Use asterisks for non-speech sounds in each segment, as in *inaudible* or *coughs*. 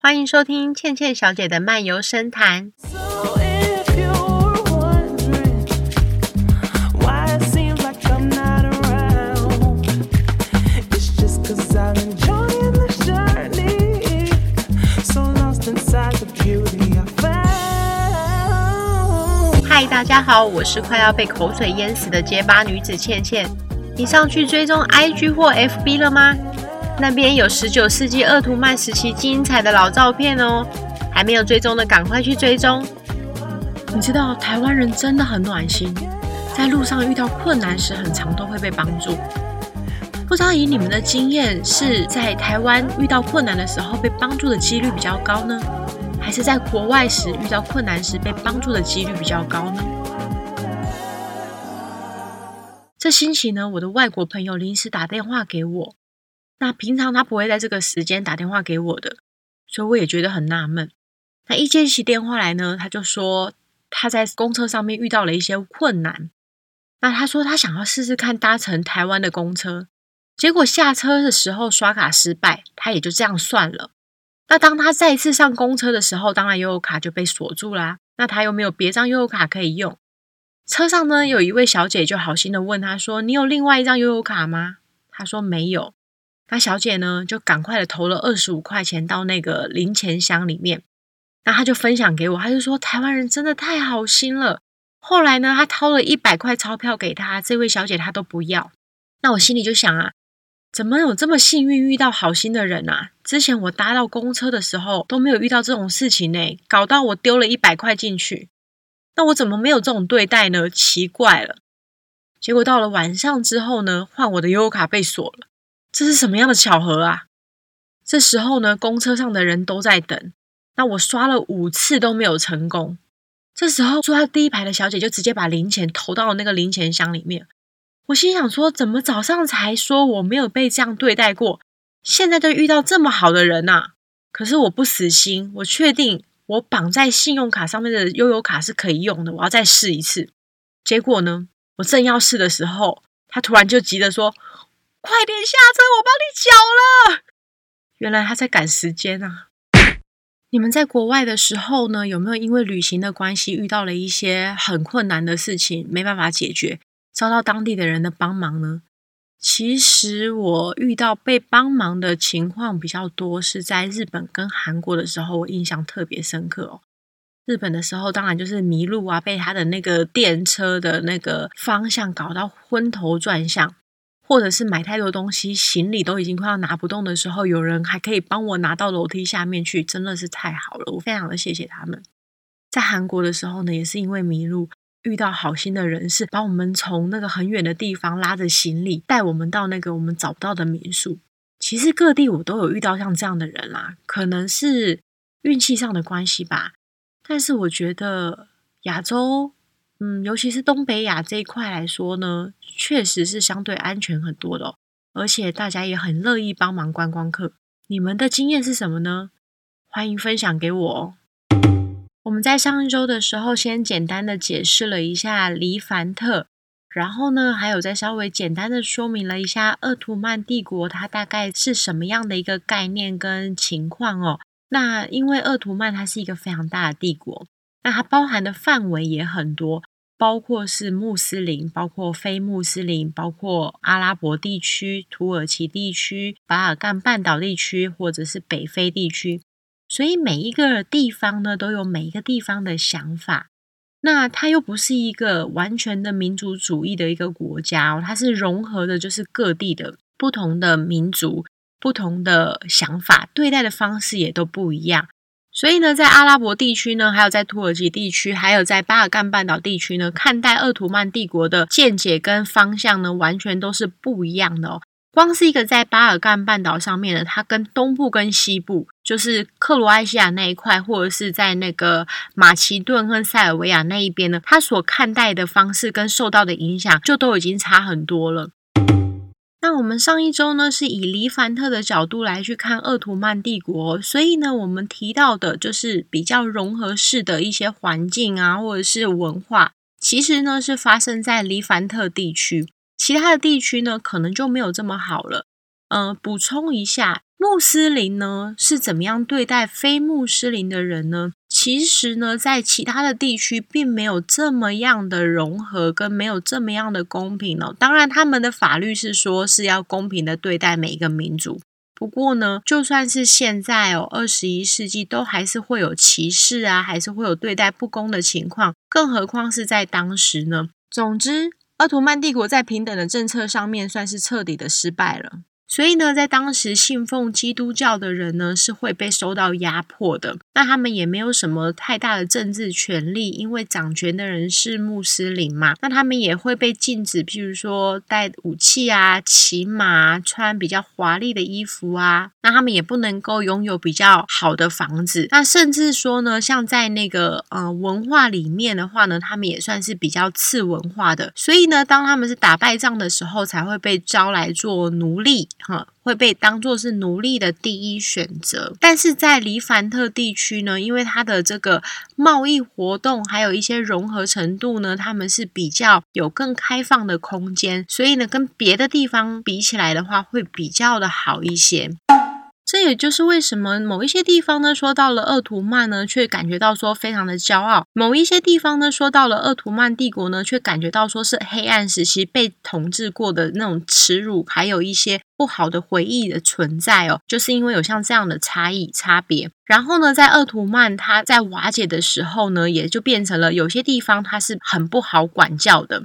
歡迎收聽倩倩小姐的漫遊深談。嗨、so，like so、大家好，我是快要被口水淹死的結巴女子倩倩，你上去追蹤 IG 或 FB 了嗎？那邊有十九世紀鄂圖曼時期精彩的老照片哦，還沒有追蹤的趕快去追蹤。你知道台灣人真的很暖心，在路上遇到困難時，很常都會被幫助。不知道以你們的經驗，是在台灣遇到困難的時候被幫助的幾率比較高呢，還是在國外時遇到困難時被幫助的幾率比較高呢？這星期呢，我的外國朋友臨時打電話給我。那平常他不會在這個時間打電話給我的，所以我也覺得很納悶。那一接起電話來呢，他就說他在公車上面遇到了一些困難。那他說他想要試試看搭乘台灣的公車，結果下車的時候刷卡失敗，他也就這樣算了。那當他再次上公車的時候，當然悠遊卡就被鎖住啦、啊。那他又沒有別張悠遊卡可以用。車上呢，有一位小姐就好心的問他說：“你有另外一張悠遊卡嗎？”他說沒有。那小姐呢，就趕快的投了二十五塊錢到那個零錢箱裡面。那她就分享給我，她就說：“台灣人真的太好心了。”後來呢，她掏了一百塊鈔票給她，這位小姐她都不要。那我心裡就想啊，怎麼有這麼幸運遇到好心的人啊？之前我搭到公車的時候都沒有遇到這種事情呢，搞到我丟了一百塊進去。那我怎麼沒有這種對待呢？奇怪了。結果到了晚上之後呢，換我的悠遊卡被鎖了。這是什麼樣的巧合啊！這時候呢，公車上的人都在等。那我刷了五次都沒有成功。這時候坐在第一排的小姐就直接把零錢投到了那個零錢箱裡面。我心想說，怎麼早上才說我沒有被這樣對待過，現在都遇到這麼好的人吶？可是我不死心，我確定我綁在信用卡上面的悠遊卡是可以用的，我要再試一次。結果呢，我正要試的時候，他突然就急着說。快點下車，我幫你繳了。原來他在趕時間啊！ *coughs* 你們在國外的時候呢，有沒有因為旅行的關係遇到了一些很困難的事情，沒辦法解決，遭到當地的人的幫忙呢？其實我遇到被幫忙的情況比較多，是在日本跟韓國的時候，我印象特別深刻哦。日本的時候，當然就是迷路啊，被他的那個電車的那個方向搞到昏頭轉向。或者是買太多東西，行李都已經快要拿不動的時候，有人還可以幫我拿到樓梯下面去，真的是太好了，我非常的謝謝他們。在韓國的時候呢，也是因為迷路，遇到好心的人士，把我們從那個很遠的地方拉着行李，帶我們到那個我們找不到的民宿。其實各地我都有遇到像這樣的人啦、啊，可能是運氣上的關係吧。但是我覺得亞洲。嗯，尤其是東北亞這一塊來說呢，確實是相對安全很多的哦，而且大家也很樂意幫忙觀光客。你們的經驗是什麼呢？歡迎分享給我哦。哦。 *noise* 我們在上一周的時候，先簡單的解釋了一下黎凡特，然後呢，還有再稍微簡單的說明了一下鄂圖曼帝國，它大概是什麼樣的一個概念跟情況哦。那因為鄂圖曼它是一個非常大的帝國，那它包含的範圍也很多。包括是穆斯林，包括非穆斯林，包括阿拉伯地區、土耳其地區、巴爾幹半島地區，或者是北非地區。所以每一個地方呢，都有每一個地方的想法。那它又不是一個完全的民族主義的一個國家哦，它是融合的，就是各地的不同的民族、不同的想法，對待的方式也都不一樣。所以呢，在阿拉伯地區呢，還有在土耳其地區，還有在巴爾幹半島地區呢，看待鄂圖曼帝國的見解跟方向呢，完全都是不一樣的哦。光是一個在巴爾幹半島上面呢，它跟東部跟西部，就是克羅埃西亞那一塊，或者是在那個馬其頓和塞爾維亞那一邊呢，它所看待的方式跟受到的影響，就都已經差很多了。那我們上一周呢，是以黎凡特的角度來去看鄂圖曼帝國哦，所以呢，我們提到的就是比較融合式的一些環境啊，或者是文化，其實呢是發生在黎凡特地區，其他的地區呢可能就沒有這麼好了。嗯，呃，補充一下，穆斯林呢是怎麼樣對待非穆斯林的人呢？其實呢，在其他的地區並沒有這麼樣的融合跟沒有這麼樣的公平呢，哦。當然，他們的法律是說是要公平的對待每一個民族。不過呢，就算是現在哦，二十一世紀都還是會有歧視啊，還是會有對待不公的情況。更何況是在當時呢？總之，鄂圖曼帝國在平等的政策上面算是徹底的失敗了。所以呢，在當時信奉基督教的人呢，是會被受到壓迫的。那他們也沒有什麼太大的政治權利，因為掌權的人是穆斯林嘛。那他們也會被禁止，譬如說帶武器啊、騎馬、穿比較華麗的衣服啊。那他們也不能夠擁有比較好的房子。那甚至說呢，像在那個呃文化裡面的話呢，他們也算是比較次文化的。所以呢，當他們是打敗仗的時候，才會被招來做奴隸。哈，會被當做是奴隸的第一選擇，但是在黎凡特地區呢，因為它的這個貿易活動還有一些融合程度呢，他們是比較有更開放的空間，所以呢，跟別的地方比起來的話，會比較的好一些。這也就是為什麼某一些地方呢，說到了鄂圖曼呢，卻感覺到說非常的驕傲；某一些地方呢，說到了鄂圖曼帝國呢，卻感覺到說是黑暗時期被統治過的那種恥辱，還有一些不好的回憶的存在哦。就是因為有像這樣的差異差別。然後呢，在鄂圖曼，它在瓦解的時候呢，也就變成了有些地方它是很不好管教的，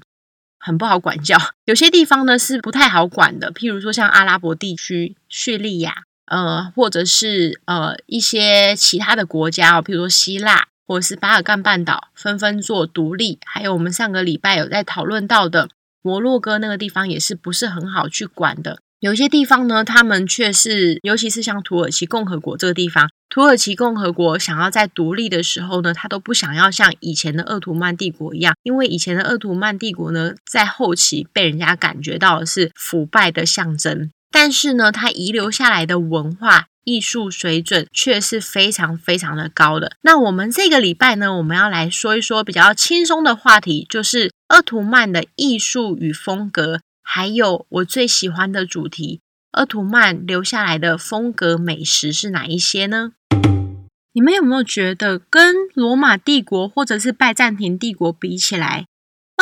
很不好管教；有些地方呢是不太好管的，譬如說像阿拉伯地區，敘利亞。呃，或者是呃一些其他的國家哦，比如說希臘，或者是巴爾干半島紛紛做獨立，還有我們上個禮拜有在討論到的摩洛哥那個地方也是不是很好去管的。有些地方呢，他們卻是，尤其是像土耳其共和國這個地方，土耳其共和國想要在獨立的時候呢，他都不想要像以前的鄂圖曼帝國一樣，因為以前的鄂圖曼帝國呢，在後期被人家感覺到的是腐敗的象徵。但是呢，它遺留下來的文化藝術水準卻是非常非常的高的。那我們這個禮拜呢，我們要來說一說比較輕鬆的話題，就是鄂圖曼的藝術與風格，還有我最喜歡的主題——鄂圖曼留下來的風格美食是哪一些呢？你們有沒有覺得跟羅馬帝國或者是拜占庭帝國比起來，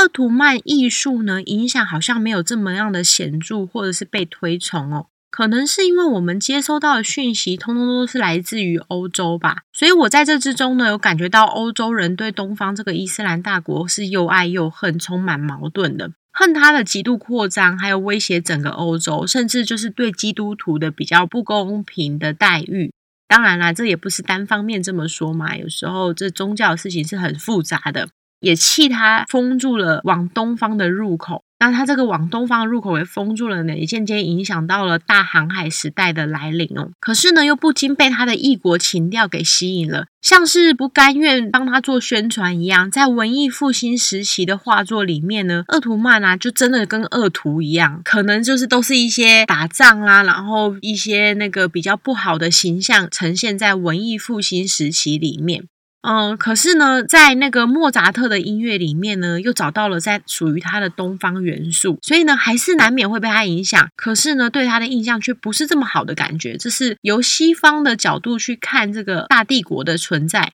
鄂圖曼藝術呢，影響好像沒有這麼樣的顯著，或者是被推崇哦。可能是因為我們接收到的訊息，通通都是來自於歐洲吧。所以我在這之中呢，有感覺到歐洲人對東方這個伊斯蘭大國是又愛又恨，充滿矛盾的。恨他的極度擴張，還有威脅整個歐洲，甚至就是對基督徒的比較不公平的待遇。當然啦，這也不是單方面這麼說嘛。有時候這宗教的事情是很複雜的。也氣他封住了往東方的入口，那他這個往東方的入口也封住了呢，也間接影響到了大航海時代的來臨哦。可是呢，又不禁被他的異國情調給吸引了，像是不甘願幫他做宣傳一樣。在文藝復興時期的畫作裡面呢，鄂圖曼啊，就真的跟惡徒一樣，可能就是都是一些打仗啦、啊，然後一些那個比較不好的形象呈現在文藝復興時期裡面。嗯，可是呢，在那個莫扎特的音樂裡面呢，又找到了在屬於他的東方元素，所以呢，還是難免會被他影響。可是呢，對他的印象卻不是這麼好的感覺，這是由西方的角度去看這個大帝國的存在。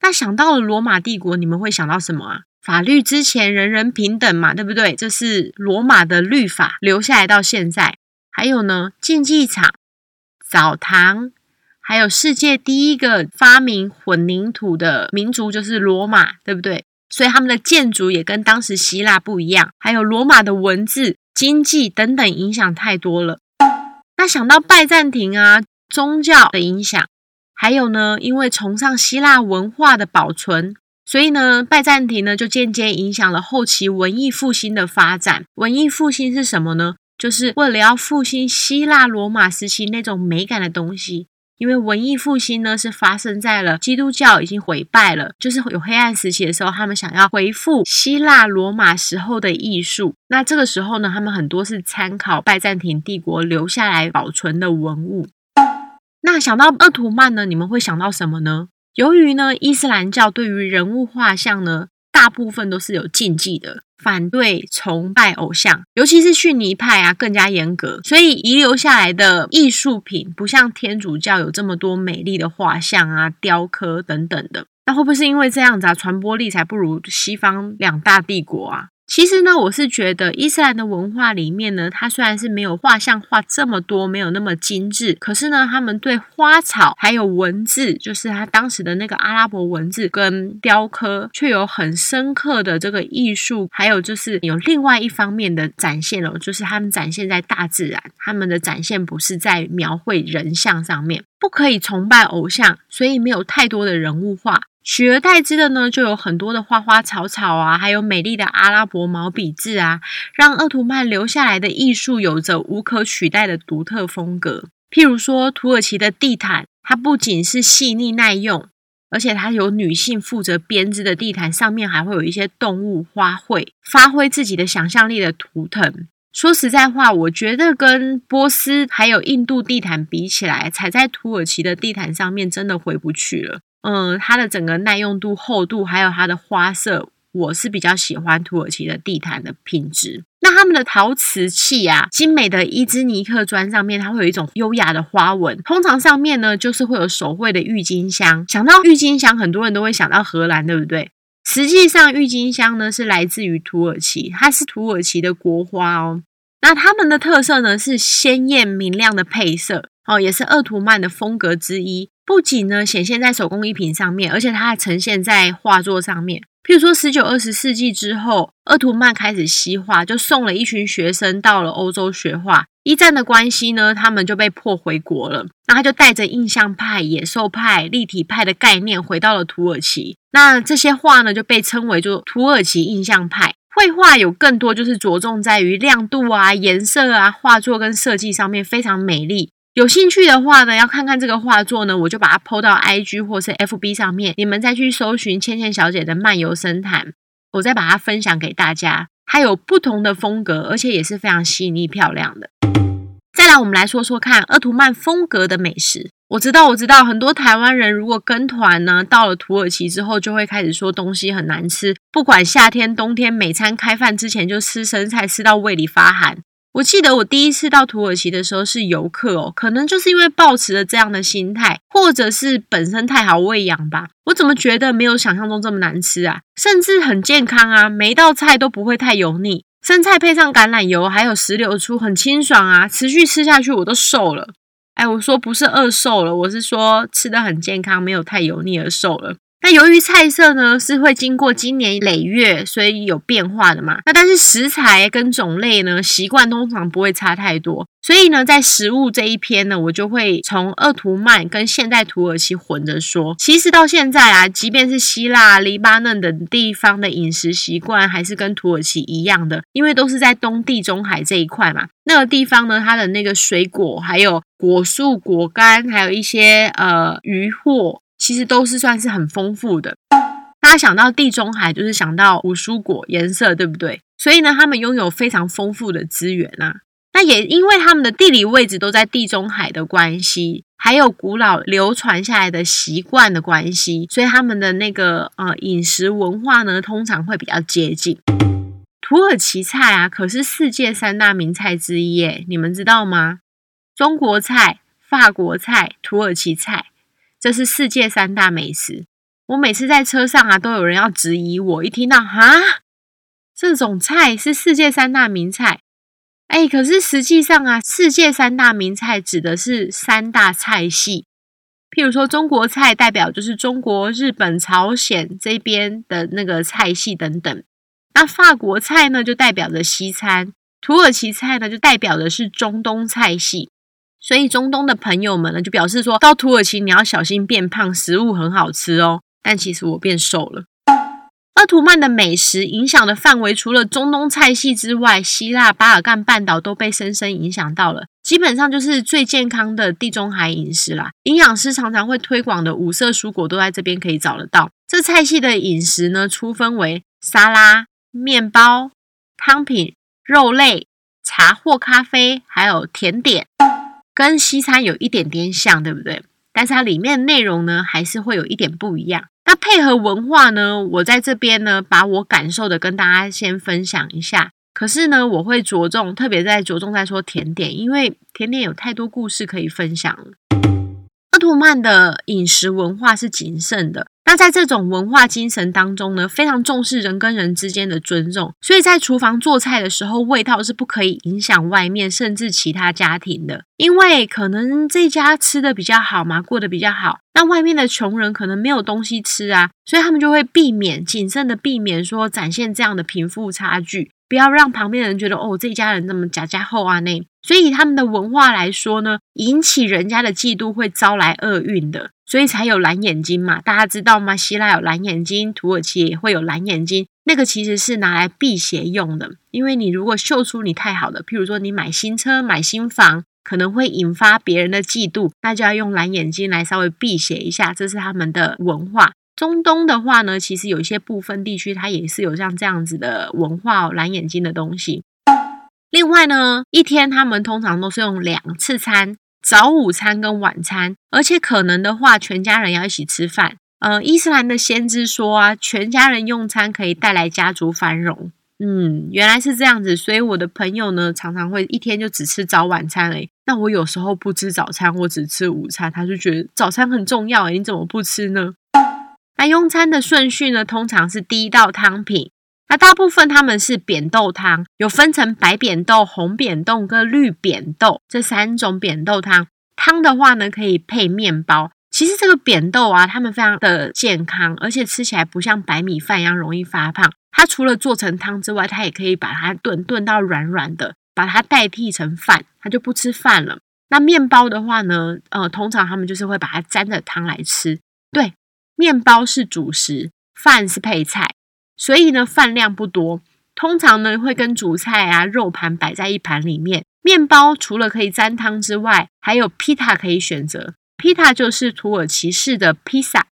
那想到了羅馬帝國，你們會想到什麼啊？法律之前人人平等嘛，對不對？這是羅馬的律法留下來到現在。還有呢，競技場、澡堂。還有世界第一個發明混凝土的民族就是羅馬，對不對？所以他們的建築也跟當時希臘不一樣。還有羅馬的文字、經濟等等影響太多了。那想到拜占庭啊，宗教的影響，還有呢，因為崇尚希臘文化的保存，所以呢，拜占庭呢就間接影響了後期文藝復興的發展。文藝復興是什麼呢？就是為了要復興希臘羅馬時期那種美感的東西。因為文藝復興呢，是發生在了基督教已經毀敗了，就是有黑暗時期的時候，他們想要恢復希臘羅馬時候的藝術。那這個時候呢，他們很多是參考拜占庭帝，帝，帝國留下來保存的文物。那想到鄂圖曼呢，你們會想到什麼呢？由於呢，伊斯蘭教對於人物畫像呢。大部分都是有禁忌的，反對崇拜偶像，尤其是遜尼派啊，更加嚴格。所以遺留下來的藝術品不像天主教有這麼多美麗的畫像啊、雕刻等等的。那會不會是因為這樣子啊，傳播力才不如西方兩大帝國啊？其實呢，我是覺得伊斯蘭的文化裡面呢，它雖然是沒有畫像畫這麼多，沒有那麼精緻，可是呢，他們對花草還有文字，就是他當時的那個阿拉伯文字跟雕刻，卻有很深刻的這個藝術，還有就是有另外一方面的展現哦，就是他們展現在大自然，他們的展現不是在描繪人像上面，不可以崇拜偶像，所以沒有太多的人物畫。取而代之的呢，就有很多的花花草草啊，還有美麗的阿拉伯毛筆字啊，讓鄂圖曼留下來的藝術有着無可取代的獨特風格。譬如說，土耳其的地毯，它不僅是細膩耐用，而且它由女性負責編織的地毯，上面還會有一些動物、花卉，發揮自己的想象力的圖騰。說實在話，我覺得跟波斯還有印度地毯比起來，踩在土耳其的地毯上面，真的回不去了。嗯，它的整個耐用度、厚度，還有它的花色，我是比較喜歡土耳其的地毯的品質。那他們的陶瓷器啊，精美的伊茲尼克磚上面，它會有一種優雅的花紋。通常上面呢，就是會有手繪的鬱金香。想到鬱金香，很多人都會想到荷蘭，對不對？實際上，鬱金香呢是來自於土耳其，它是土耳其的國花哦。那他們的特色呢是鮮豔明亮的配色哦，也是鄂圖曼的風格之一。不僅呢顯現在手工藝品上面，而且它還呈現在畫作上面。譬如說十九二十世紀之後，鄂圖曼開始西化，就送了一群學生到了歐洲學畫。一戰的關係呢，他們就被迫回國了。那他就帶着印象派、野獸派、立體派的概念回到了土耳其。那這些畫呢，就被稱為做土耳其印象派。繪畫有更多，就是着重在於亮度啊、顏色啊、畫作跟設計上面非常美麗，有興趣的話呢，要看看這個畫作呢，我就把它 PO 到 IG 或是 FB 上面，你們再去搜尋茜茜小姐的漫遊生壇，我再把它分享給大家。它有不同的風格，而且也是非常細膩漂亮的。那我們來說說看，鄂圖曼風格的美食。我知道，我知道很多台灣人如果跟團呢，到了土耳其之後就會開始說東西很難吃，不管夏天冬天，每餐開飯之前就吃生菜，吃到胃裡發寒。我記得我第一次到土耳其的時候是遊客哦，可能就是因為抱持了這樣的心態，或者是本身太好餵養吧。我怎麼覺得沒有想象中這麼難吃啊？甚至很健康啊，每一道菜都不會太油膩。生菜配上橄欖油，還有石榴醋，很清爽啊！持續吃下去，我都瘦了。哎，我說不是餓瘦了，我是說吃的很健康，沒有太油膩而瘦了。那由於菜色呢是會經過今年累月，所以有變化的嘛。那但是食材跟種類呢，習慣通常不會差太多。所以呢，在食物這一篇呢，我就會從鄂圖曼跟現代土耳其混着說。其實到現在啊，即便是希臘、黎巴嫩等地方的飲食習慣，還是跟土耳其一樣的，因為都是在東地中海這一塊嘛。那個地方呢，它的那個水果，還有果樹果乾，還有一些呃魚貨。其實都是算是很豐富的。大家想到地中海，就是想到五蔬果顏色，對不對？所以呢，他們擁有非常豐富的資源啊。那也因為他們的地理位置都在地中海的關係，還有古老流傳下來的習慣的關係，所以他們的那個呃飲食文化呢，通常會比較接近。土耳其菜啊，可是世界三大名菜之一耶，你們知道嗎？中國菜、法國菜、土耳其菜。這是世界三大美食。我每次在車上啊，都有人要質疑我。一聽到哈，這種菜是世界三大名菜，哎，可是實際上啊，世界三大名菜指的是三大菜系。譬如說，中國菜代表就是中國、日本、朝鮮這邊的那個菜系等等。那法國菜呢，就代表着西餐；土耳其菜呢，就代表的是中東菜系。所以中東的朋友們呢，就表示說到土耳其你要小心變胖，食物很好吃哦。但其實我變瘦了。鄂圖曼的美食影響的範圍除了中東菜系之外，希臘巴爾幹半島都被深深影響到了。基本上就是最健康的地中海飲食啦。營養師常常會推廣的五色蔬果都在這邊可以找得到。這菜系的飲食呢，粗分為沙拉、麵包、湯品、肉類、茶或咖啡，還有甜點。跟西餐有一點點像，對不對？但是它裡面的內容呢，還是會有一點不一樣。那配合文化呢，我在這邊呢，把我感受的跟大家先分享一下。可是呢，我會着重特別在着重在說甜點，因為甜點有太多故事可以分享了。鄂圖曼的飲食文化是謹慎的。那在這種文化精神當中呢，非常重視人跟人之間的尊重，所以在廚房做菜的時候，味道是不可以影響外面，甚至其他家庭的。因為可能這家吃得比較好嘛，過得比較好，那外面的窮人可能沒有東西吃啊，所以他們就會避免，謹慎的避免說展現這樣的貧富差距。不要讓旁邊的人覺得哦，這一家人那麼家家好啊那，所以，以他們的文化來說呢，引起人家的嫉妒會招來厄運的，所以才有藍眼睛嘛，大家知道嗎？希臘有藍眼睛，土耳其也會有藍眼睛，那個其實是拿來辟邪用的，因為你如果秀出你太好的，譬如說你買新車、買新房，可能會引發別人的嫉妒，那就要用藍眼睛來稍微辟邪一下，這是他們的文化。中東的話呢，其實有一些部分地區，它也是有像這樣子的文化，哦，藍眼睛的東西。另外呢，一天他們通常都是用兩次餐，早午餐跟晚餐，而且可能的話，全家人要一起吃飯。呃，伊斯蘭的先知說啊，全家人用餐可以帶來家族繁榮。嗯，原來是這樣子，所以我的朋友呢，常常會一天就只吃早晚餐，欸。誒那我有時候不吃早餐，或只吃午餐，他就覺得早餐很重要，欸，你怎麼不吃呢？那用餐的順序呢，通常是第一道湯品。那大部分他們是扁豆湯，有分成白扁豆、紅扁豆跟綠扁豆這三種扁豆湯。湯的話呢，可以配麵包。其實這個扁豆啊，它們非常的健康，而且吃起來不像白米飯一樣容易發胖。它除了做成湯之外，它也可以把它燉燉到軟軟的，把它代替成飯，它就不吃飯了。那麵包的話呢，呃，通常他們就是會把它沾着湯來吃。對。麵包是主食，飯是配菜，所以呢，飯量不多。通常呢，會跟主菜啊、肉盤擺在一盤裡面。麵包除了可以沾湯之外，還有 pita 可以選擇。pita 就是土耳其式的披薩。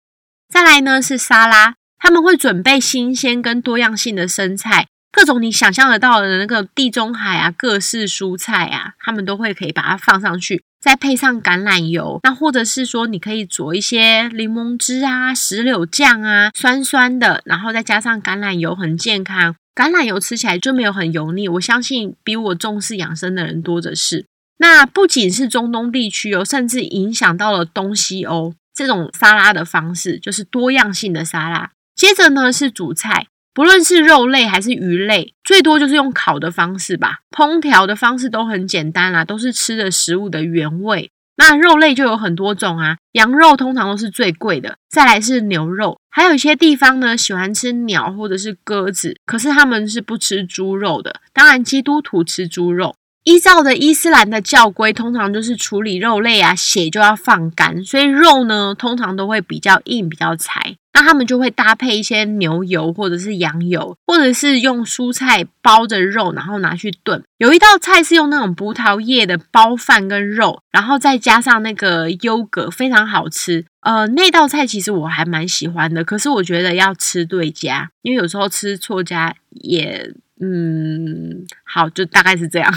再來呢是沙拉，他們會準備新鮮跟多樣性的生菜，各種你想象得到的那個地中海啊，各式蔬菜啊，他們都會可以把它放上去。再配上橄欖油，那或者是說，你可以佐一些檸檬汁啊、石榴醬啊，酸酸的，然後再加上橄欖油，很健康。橄欖油吃起來就沒有很油膩，我相信比我重視養生的人多的是。那不僅是中東地區哦，甚至影響到了東西歐、哦、這種沙拉的方式，就是多樣性的沙拉。接着呢是主菜。不論是肉類還是魚類，最多就是用烤的方式吧，烹調的方式都很簡單啦、啊，都是吃的食物的原味。那肉類就有很多種啊，羊肉通常都是最貴的，再來是牛肉，還有一些地方呢喜歡吃鳥或者是鴿子，可是他們是不吃豬肉的，當然基督徒吃豬肉。依照的伊斯蘭的教規，通常就是處理肉類啊，血就要放乾，所以肉呢，通常都會比較硬，比較柴。那他們就會搭配一些牛油或者是羊油，或者是用蔬菜包着肉，然後拿去燉。有一道菜是用那種葡萄葉的包飯跟肉，然後再加上那個優格，非常好吃。呃，那道菜其實我還蠻喜歡的，可是我覺得要吃對家，因為有時候吃錯家也。嗯，好，就大概是這樣。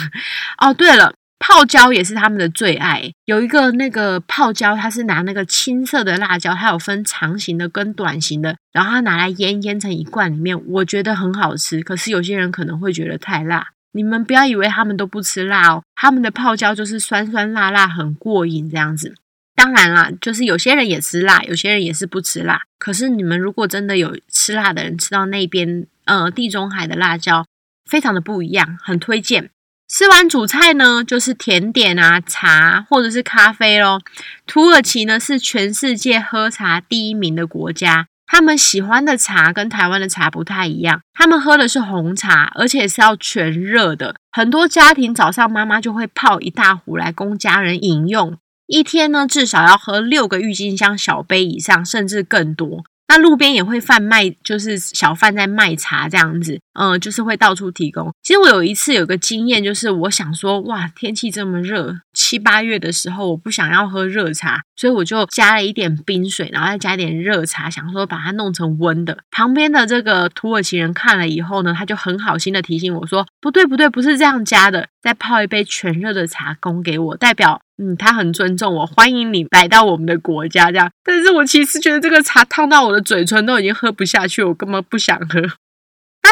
哦，對了，泡椒，也是他們的最愛。有一個那個泡椒，他是拿那個青色的辣椒，還有分長形的跟短形的，然後他拿來醃，醃成一罐裡面，我覺得很好吃。可是有些人可能會覺得太辣，你們不要以為他們都不吃辣哦，他們的泡椒就是酸酸辣辣，很過癮這樣子。當然啦，就是有些人也吃辣，有些人也是不吃辣。可是你們如果真的有吃辣的人，吃到那邊，呃，地中海的辣椒，非常的不一樣，很推薦。吃完主菜呢，就是甜點啊，茶或者是咖啡咯。土耳其呢是全世界喝茶第一名的國家，他們喜歡的茶跟台灣的茶不太一樣，他們喝的是紅茶，而且是要全熱的。很多家庭早上媽媽就會泡一大壺來供家人飲用，一天呢至少要喝六個鬱金香小杯以上，甚至更多。那路邊也會販賣，就是小販在賣茶這樣子，嗯，就是會到處提供。其實我有一次有個經驗，就是我想說，哇，天氣這麼熱。七八月的時候，我不想要喝熱茶，所以我就加了一點冰水，然後再加一點熱茶，想說把它弄成溫的。旁邊的這個土耳其人看了以後呢，他就很好心的提醒我說：“不對，不對，不是這樣加的。”再泡一杯全熱的茶供給我，代表嗯，他很尊重我，歡迎你來到我們的國家。這樣，但是我其實覺得這個茶燙到我的嘴唇都已經喝不下去，我根本不想喝。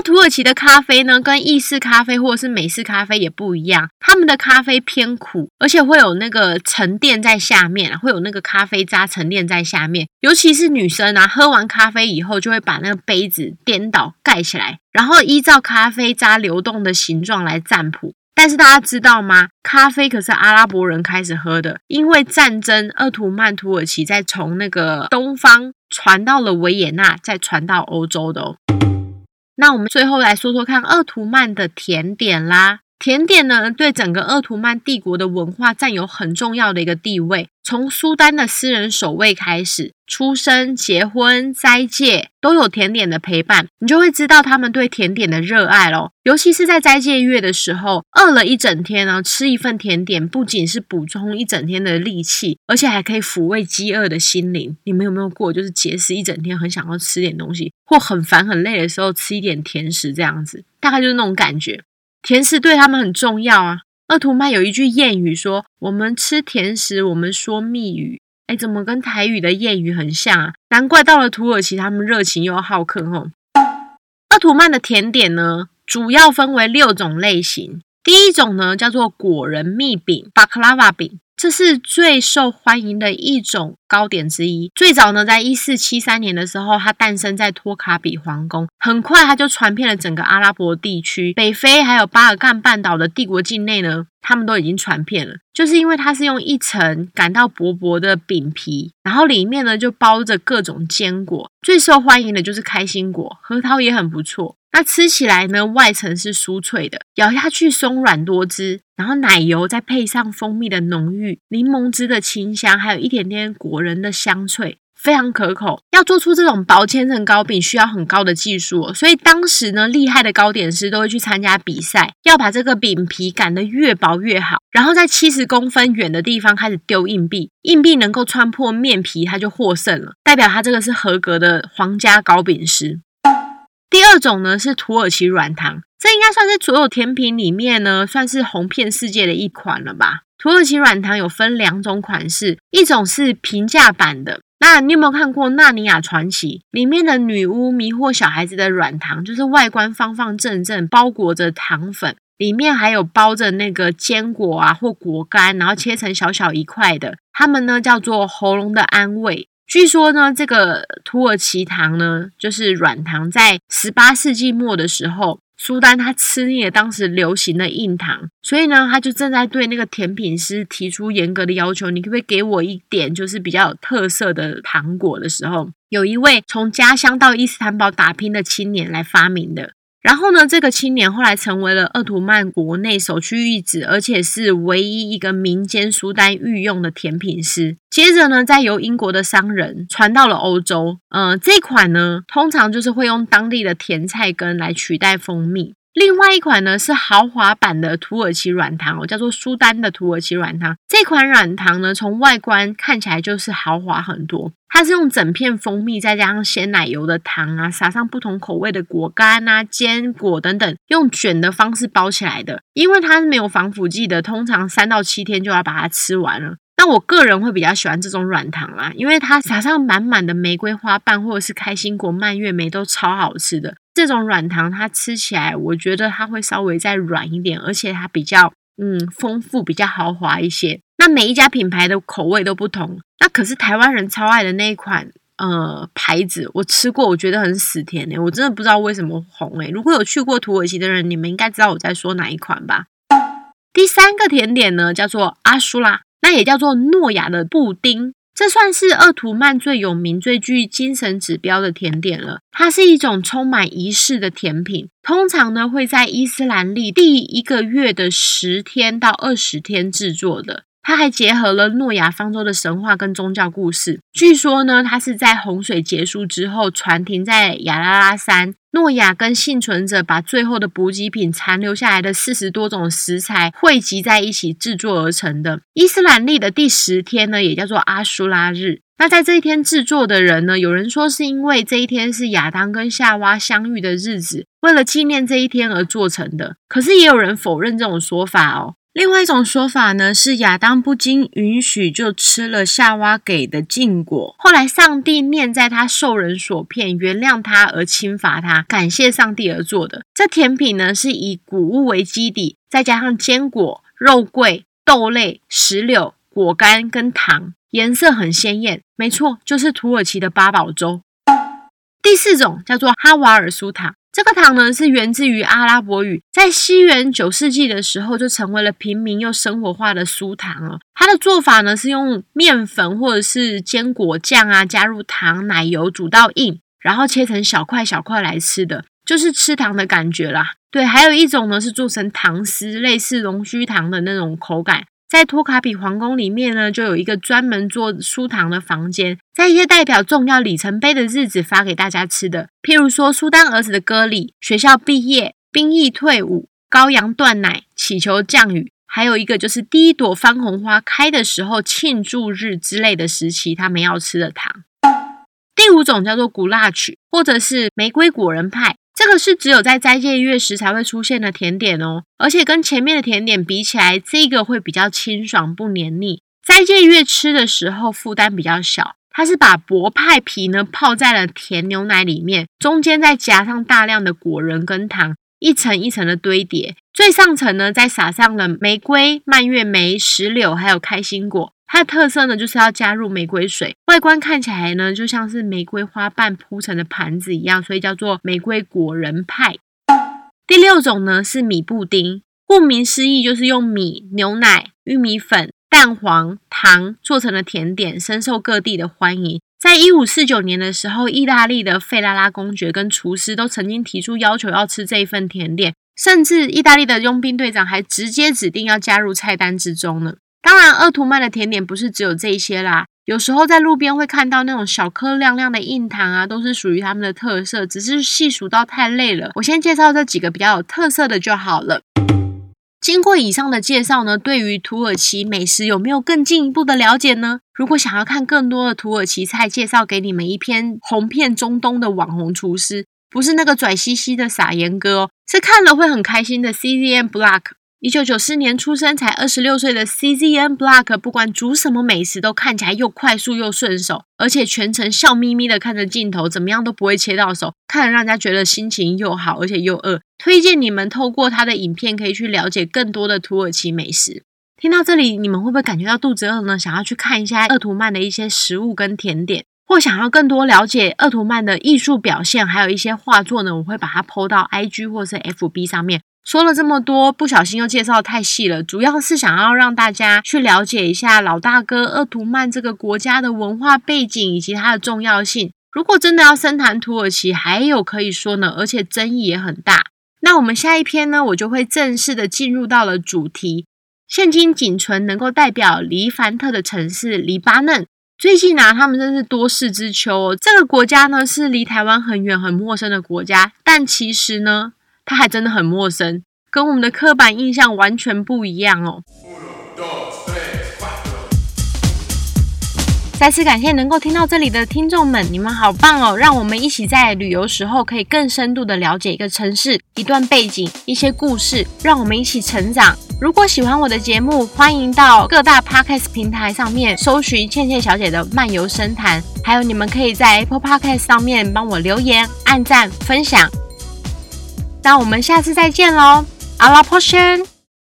土耳其的咖啡呢，跟意式咖啡或者是美式咖啡也不一樣，他們的咖啡偏苦，而且會有那個沉澱在下面，會有那個咖啡渣沉澱在下面。尤其是女生啊，喝完咖啡以後就會把那個杯子顛倒蓋起來，然後依照咖啡渣流動的形狀來占卜。但是大家知道嗎？咖啡可是阿拉伯人開始喝的，因為戰爭，鄂圖曼土耳其在從那個東方傳到了維也納，再傳到歐洲的哦。那我們最後來說說看鄂圖曼的甜點啦。甜點呢，對整個鄂圖曼帝國的文化占有很重要的一個地位，從蘇丹的私人守衛開始。出生、結婚、齋戒都有甜點的陪伴，你就會知道他們對甜點的熱愛咯。尤其是在齋戒月的時候，餓了一整天然、啊、後吃一份甜點，不僅是補充一整天的力氣，而且還可以撫慰飢餓的心靈。你們有沒有過，就是節食一整天，很想要吃點東西，或很煩很累的時候，吃一點甜食這樣子，大概就是那種感覺。甜食對他們很重要啊。鄂圖曼有一句諺語說：“我們吃甜食，我們說蜜語。”哎，怎麼跟台語的諺語很像啊？難怪到了土耳其，他們熱情又好客哦。鄂圖曼的甜點呢，主要分為六種類型。第一種呢，叫做果仁蜜餅巴克拉 l 餅），這是最受歡迎的一種糕點之一。最早呢，在一四七三年的時候，它誕生在托卡比皇宮，很快它就傳遍了整個阿拉伯地區、北非，還有巴爾幹半島的帝國境內呢，他們都已經傳遍了。就是因為它是用一層擀到薄薄的餅皮，然後裡面呢就包着各種堅果，最受歡迎的就是開心果、核桃也很不錯。它、啊、吃起來呢，外層是酥脆的，咬下去鬆軟多汁，然後奶油再配上蜂蜜的濃郁、檸檬汁的清香，還有一點點果仁的香脆，非常可口。要做出這種薄千層糕餅，需要很高的技術哦。所以當時呢，厲害的糕點師都會去參加比賽，要把這個餅皮擀得越薄越好，然後在七十公分遠的地方開始丟硬幣，硬幣能夠穿破麵皮，它就獲勝了，代表它這個是合格的皇家糕餅師。第二種呢是土耳其軟糖，這應該算是所有甜品裡面呢，算是紅遍世界的一款了吧。土耳其軟糖有分兩種款式，一種是平價版的。那你有沒有看過《納尼亞傳奇》裡面的女巫迷惑小孩子的軟糖？就是外觀方方正正，包裹着糖粉，裡面還有包着那個堅果啊或果乾，然後切成小小一塊的。它們呢叫做喉嚨的安慰。據說呢，這個土耳其糖呢，就是軟糖，在十八世紀末的時候，蘇丹他吃膩了當時流行的硬糖，所以呢，他就正在對那個甜品師提出嚴格的要求：“你可不可以給我一點就是比較有特色的糖果？”的時候，有一位從家鄉到伊斯坦堡打拼的青年來發明的。然後呢，這個青年後來成為了鄂圖曼國內首屈一指，而且是唯一一個民間蘇丹御用的甜品師。接着呢，再由英國的商人傳到了歐洲。嗯、呃，這款呢，通常就是會用當地的甜菜根來取代蜂蜜。另外一款呢，是豪華版的土耳其軟糖，我叫做蘇丹的土耳其軟糖。這款軟糖呢，從外觀看起來就是豪華很多。它是用整片蜂蜜再加上鮮奶油的糖啊，撒上不同口味的果乾啊、堅果等等，用捲的方式包起來的。因為它是沒有防腐劑的，通常三到七天就要把它吃完了。那我個人會比較喜歡這種軟糖啦，因為它撒上滿滿的玫瑰花瓣或者是開心果、蔓越莓，都超好吃的。這種軟糖它吃起來，我覺得它會稍微再軟一點，而且它比較嗯豐富、比較豪華一些。那每一家品牌的口味都不同。那可是台灣人超愛的那一款呃牌子，我吃過，我覺得很死甜誒、欸、我真的不知道為什麼紅誒、欸。如果有去過土耳其的人，你們應該知道我在說哪一款吧？第三個甜點呢，叫做阿舒拉。那也叫做諾亞的布丁，這算是鄂圖曼最有名、最具精神指標的甜點了。它是一種充滿儀式的甜品，通常呢會在伊斯蘭曆第一個月的十天到二十天制作的。它還結合了諾亞方舟的神話跟宗教故事。據說呢，它是在洪水結束之後，船停在亞拉拉山，諾亞跟倖存者把最後的補給品殘留下來的四十多種食材匯集在一起製作而成的。伊斯蘭曆的第十天呢，也叫做阿舒拉日。那在這一天製作的人呢，有人說是因為這一天是亞當跟夏娃相遇的日子，為了紀念這一天而做成的。可是也有人否認這種說法哦。另外一種說法呢，是亞當不經允許就吃了夏娃給的禁果，後來上帝念在他受人所騙，原諒他而輕罰他，感謝上帝而做的這甜品呢，是以谷物為基底，再加上堅果、肉桂、豆類、石榴果乾跟糖，顏色很鮮豔。沒錯，就是土耳其的八寶粥。第四種叫做哈瓦爾蘇糖。這個糖呢，是源自於阿拉伯語，在西元九世紀的時候，就成為了平民又生活化的酥糖了。它的做法呢，是用麵粉或者是堅果醬啊，加入糖、奶油煮到硬，然後切成小塊小塊來吃的，就是吃糖的感覺啦。對，還有一種呢，是做成糖絲，類似龍鬚糖的那種口感。在托卡比皇宮裡面呢，就有一個專門做酥糖的房間，在一些代表重要里程碑的日子發給大家吃的，譬如說蘇丹兒子的割禮、學校畢業、兵役退伍、羔羊斷奶、祈求降雨，還有一個就是第一朵番紅花開的時候慶祝日之類的時期，他們要吃的糖。第五種叫做古拉曲，或者是玫瑰果仁派。這個是只有在齋戒月時才會出現的甜點哦，而且跟前面的甜點比起來，這個會比較清爽不黏膩。齋戒月吃的時候負擔比較小，它是把薄派皮呢泡在了甜牛奶裡面，中間再夾上大量的果仁跟糖，一層一層的堆疊，最上層呢再撒上了玫瑰、蔓越莓、石榴還有開心果。它的特色呢，就是要加入玫瑰水，外觀看起來呢，就像是玫瑰花瓣鋪成的盤子一樣，所以叫做玫瑰果仁派。第六種呢是米布丁，顧名思義就是用米、牛奶、玉米粉、蛋黃、糖做成的甜點，深受各地的歡迎。在一五四九年的時候，意大利的費拉拉公爵跟廚師都曾經提出要求要吃這一份甜點，甚至意大利的傭兵隊長還直接指定要加入菜單之中呢。當然，鄂圖曼的甜點不是只有這些啦。有時候在路邊會看到那種小顆亮亮的硬糖啊，都是屬於他們的特色。只是細數到太累了，我先介紹這幾個比較有特色的就好了。經過以上的介紹呢，對於土耳其美食有沒有更進一步的了解呢？如果想要看更多的土耳其菜，介紹給你們一篇紅遍中東的網紅廚師，不是那個拽兮兮的撒鹽哥哦，是看了會很開心的 CZN Block。一九九四年出生，才二十六歲的 C Z N Block，不管煮什麼美食都看起來又快速又順手，而且全程笑眯眯的看着鏡頭，怎麼樣都不會切到手，看了讓人家覺得心情又好，而且又餓。推薦你們透過他的影片，可以去了解更多的土耳其美食。聽到這裡，你們會不會感覺到肚子餓呢？想要去看一下鄂圖曼的一些食物跟甜點，或想要更多了解鄂圖曼的藝術表現，還有一些畫作呢？我會把它 PO 到 IG 或是 FB 上面。說了這麼多，不小心又介紹太細了。主要是想要讓大家去了解一下老大哥鄂圖曼這個國家的文化背景以及它的重要性。如果真的要深談土耳其，還有可以說呢，而且爭議也很大。那我們下一篇呢，我就會正式的進入到了主題。現今僅存能夠代表黎凡特的城市——黎巴嫩，最近啊，他們真是多事之秋哦。這個國家呢，是離台灣很遠很陌生的國家，但其實呢。他還真的很陌生，跟我們的刻板印象完全不一樣哦 1, 2, 3, 4。再次感謝能夠聽到這裡的聽眾們，你們好棒哦！讓我們一起在旅遊時候可以更深度的了解一個城市、一段背景、一些故事，讓我們一起成長。如果喜歡我的節目，歡迎到各大 podcast 平台上面搜尋倩倩小姐的漫遊聲談，還有你們可以在 Apple Podcast 上面幫我留言、按讚、分享。那我們下次再見嘍，阿拉坡先。